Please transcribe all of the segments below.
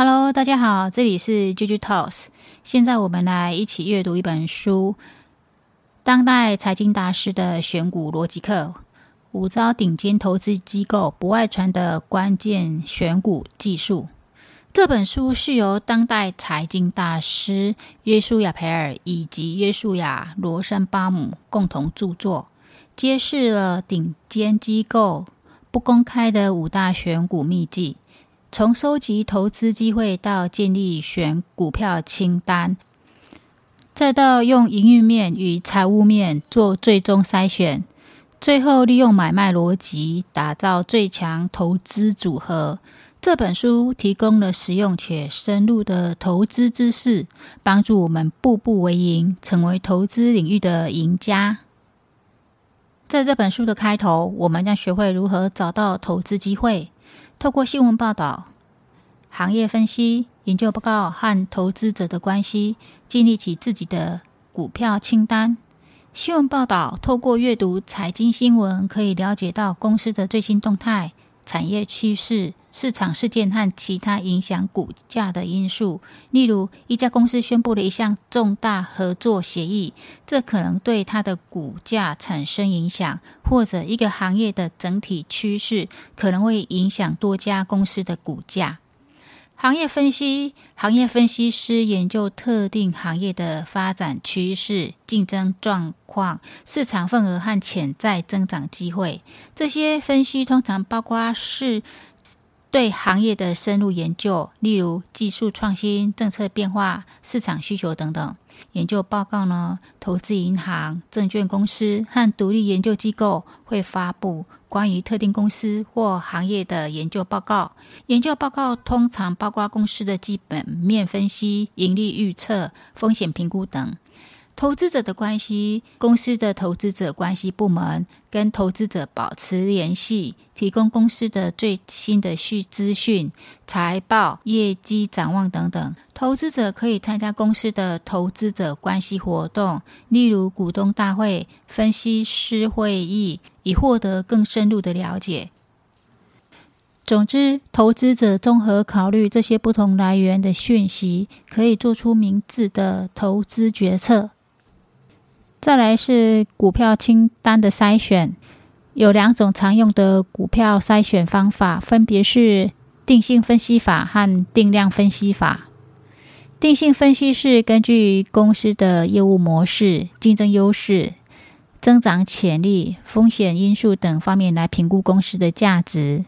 Hello，大家好，這裡是 Gigi Talks。現在我們來一起閱讀一本書《當代財經大師的選股邏輯課：五招頂尖投資機構不外傳的關鍵選股技術》。這本書是由當代財經大師約書亞·培爾以及約書亞·羅森巴姆共同著作，揭示了頂尖機構不公開的五大選股秘籍。從收集投資機會到建立選股票清單，再到用營運面與財務面做最終篩選，最後利用買賣邏輯打造最強投資組合。這本書提供了實用且深入的投資知識，幫助我們步步為營，成為投資領域的贏家。在這本書的開頭，我們將學會如何找到投資機會。透過新聞報道、行業分析、研究報告和投資者的關係，建立起自己的股票清單。新聞報道，透過閱讀財經新聞，可以了解到公司的最新動態、產業趨勢。市場事件和其他影響股價的因素，例如一家公司宣佈了一項重大合作協議，這可能對它的股價產生影響；或者一個行業的整體趨勢可能會影響多家公司的股價。行業分析，行業分析師研究特定行業的發展趨勢、競爭狀況、市場份額和潛在增長機會。這些分析通常包括是。對行業的深入研究，例如技術創新、政策變化、市場需求等等。研究報告呢，投資銀行、證券公司和獨立研究機構會發布關於特定公司或行業的研究報告。研究報告通常包括公司的基本面分析、盈利預測、風險評估等。投資者的關係，公司的投資者關係部門跟投資者保持聯繫，提供公司的最新的訊資訊、財報、業績展望等等。投資者可以參加公司的投資者關係活動，例如股東大會、分析師會議，以獲得更深入的了解。總之，投資者綜合考慮這些不同來源的訊息，可以做出明智的投資決策。再來是股票清單的篩選，有兩種常用的股票篩選方法，分別是定性分析法和定量分析法。定性分析是根據公司的業務模式、競爭優勢、增長潛力、風險因素等方面來評估公司的價值。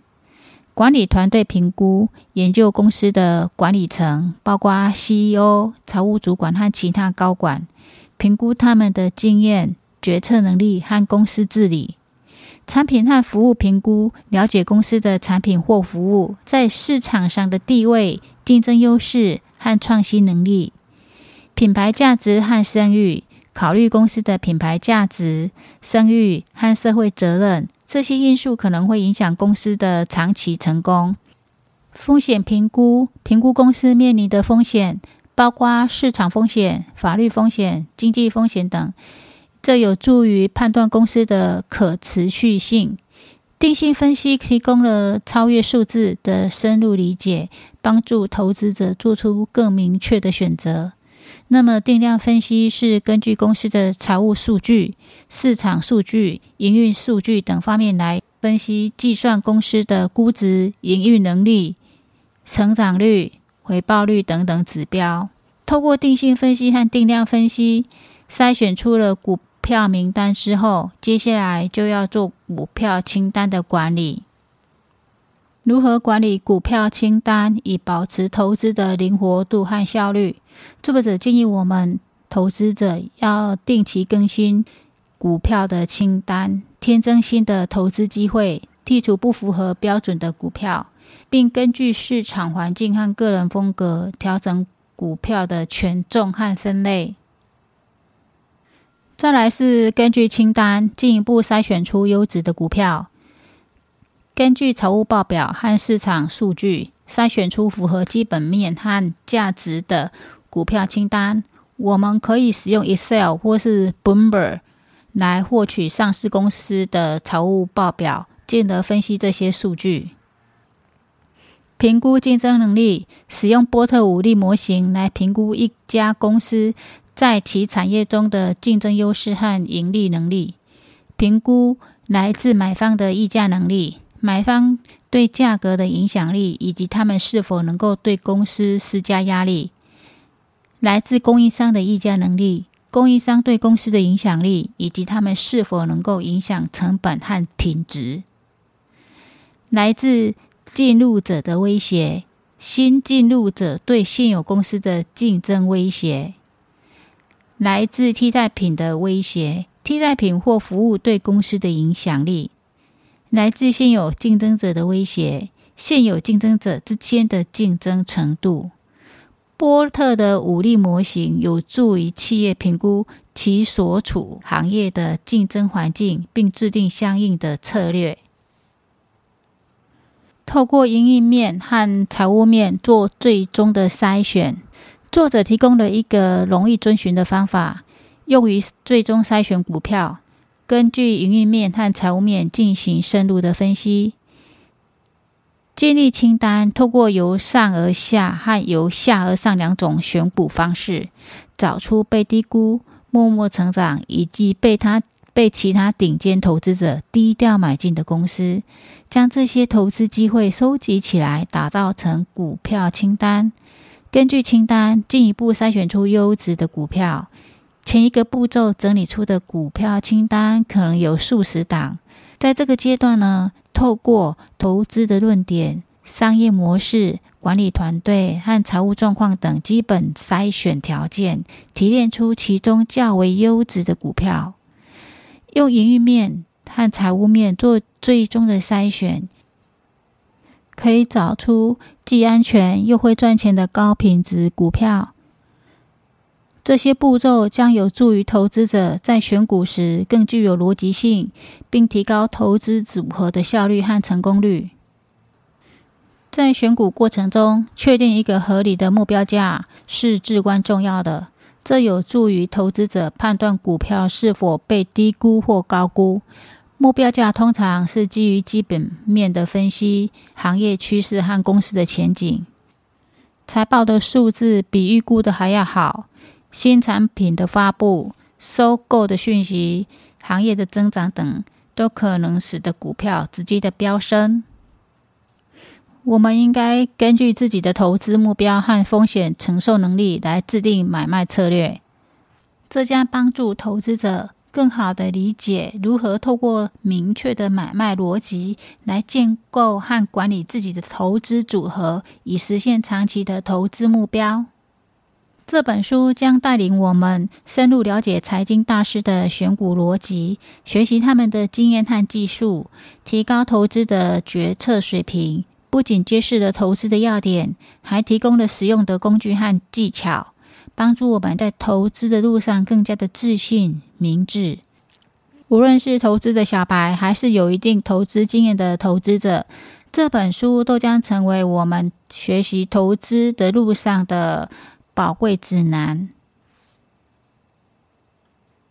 管理團隊評估研究公司的管理層，包括 CEO、財務主管和其他高管。評估他們的經驗、決策能力和公司治理；產品和服務評估，了解公司的產品或服務在市場上的地位、競爭優勢和創新能力；品牌價值和聲譽，考慮公司的品牌價值、聲譽和社會責任，這些因素可能會影響公司的長期成功；風險評估，評估公司面臨的風險，包括市場風險、法律風險、經濟風險等，這有助於判斷公司的可持續性。定性分析提供了超越數字的深入理解，幫助投資者做出更明確的選擇。那麼，定量分析是根據公司的財務數據、市場數據、營運數據等方面來分析、計算公司的估值、營運能力、成長率。回報率等等指標，透過定性分析和定量分析，篩選出了股票名單之後，接下來就要做股票清單的管理。如何管理股票清單，以保持投資的靈活度和效率？作者建議我們投資者要定期更新股票的清單，添增新的投資機會，剔除不符合標準的股票。並根據市場環境和個人風格調整股票的權重和分類。再來是根據清單進一步篩選出優質的股票。根據財務報表和市場數據篩選出符合基本面和價值的股票清單。我們可以使用 Excel 或是 Bumper 來獲取上市公司的財務報表，進而分析這些數據。評估競爭能力，使用波特五力模型來評估一家公司在其產業中的競爭優勢和盈利能力。評估來自買方的議價能力，買方對價格的影響力，以及他們是否能夠對公司施加壓力。來自供應商的議價能力，供應商對公司的影響力，以及他們是否能夠影響成本和品質。來自進入者的威脅，新進入者對現有公司的競爭威脅，來自替代品的威脅，替代品或服務對公司的影響力，來自現有競爭者的威脅，現有競爭者之間的競爭程度。波特的五力模型有助於企業評估其所處行業的競爭環境，並制定相應的策略。透過營運面和財務面做最終的篩選，作者提供了一個容易遵循的方法，用於最終篩選股票。根據營運面和財務面進行深入的分析，建立清單。透過由上而下和由下而上兩種選股方式，找出被低估、默默成長以及被他。被其他頂尖投資者低調買進的公司，將這些投資機會收集起來，打造成股票清單。根據清單進一步篩選出優質的股票。前一個步驟整理出的股票清單可能有數十檔。在這個階段呢，透過投資的論點、商業模式、管理團隊和財務狀況等基本篩選條件，提煉出其中較為優質的股票。用營運面和財務面做最終的篩選，可以找出既安全又會賺錢的高品質股票。這些步驟將有助於投資者在選股時更具有邏輯性，並提高投資組合的效率和成功率。在選股過程中，確定一個合理的目標價是至關重要的。這有助於投資者判斷股票是否被低估或高估。目標價通常是基於基本面的分析、行業趨勢和公司的前景。財報的數字比預估的還要好，新產品的發布、收購的訊息、行業的增長等，都可能使得股票直接的飆升。我們應該根據自己的投資目標和風險承受能力來制定買賣策略。這將幫助投資者更好地理解如何透過明確的買賣邏輯來建構和管理自己的投資組合，以實現長期的投資目標。這本書將帶領我們深入了解財經大師的選股邏輯，學習他們的經驗和技術，提高投資的決策水平。不僅揭示了投資的要點，還提供了實用的工具和技巧，幫助我們在投資的路上更加的自信、明智。無論是投資的小白，還是有一定投資經驗的投資者，這本書都將成為我們學習投資的路上的寶貴指南。